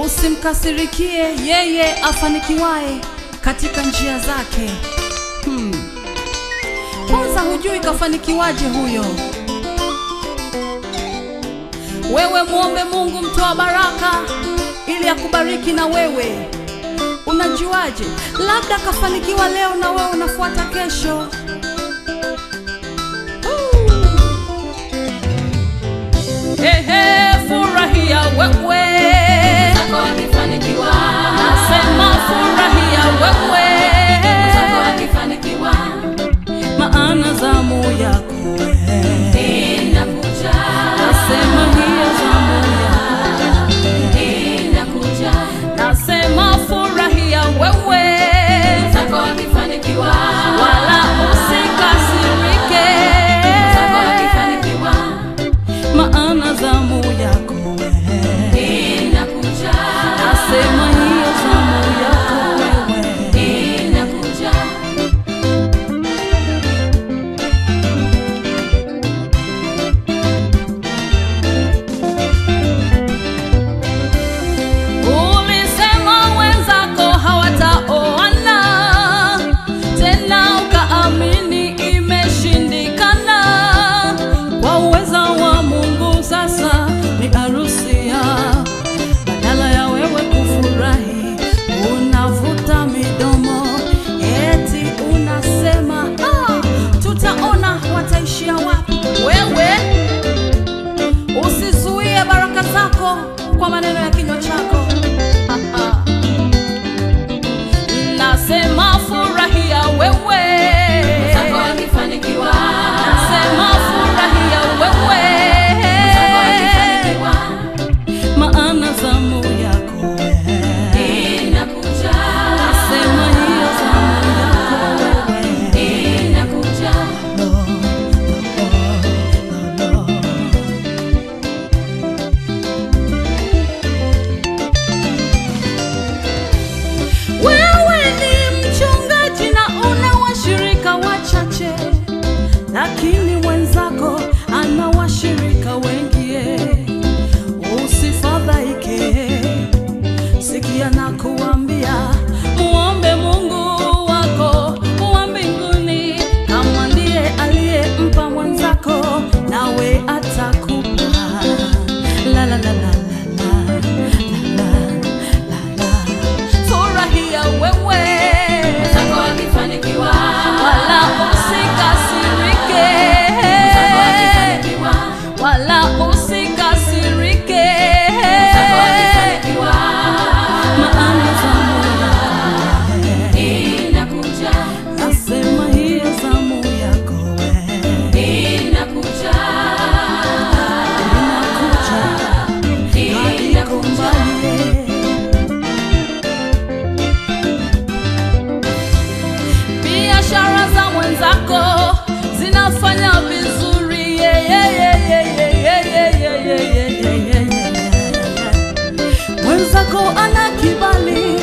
usimkasirikie yeye afanikiwaye katika njia zake hmm. kwanza hujui kafanikiwaje huyo wewe muombe mungu mtoa baraka ili akubariki na wewe unajuaje labda kafanikiwa leo na wewe unafuata kesho hey, furahia wewe Ko anaki balin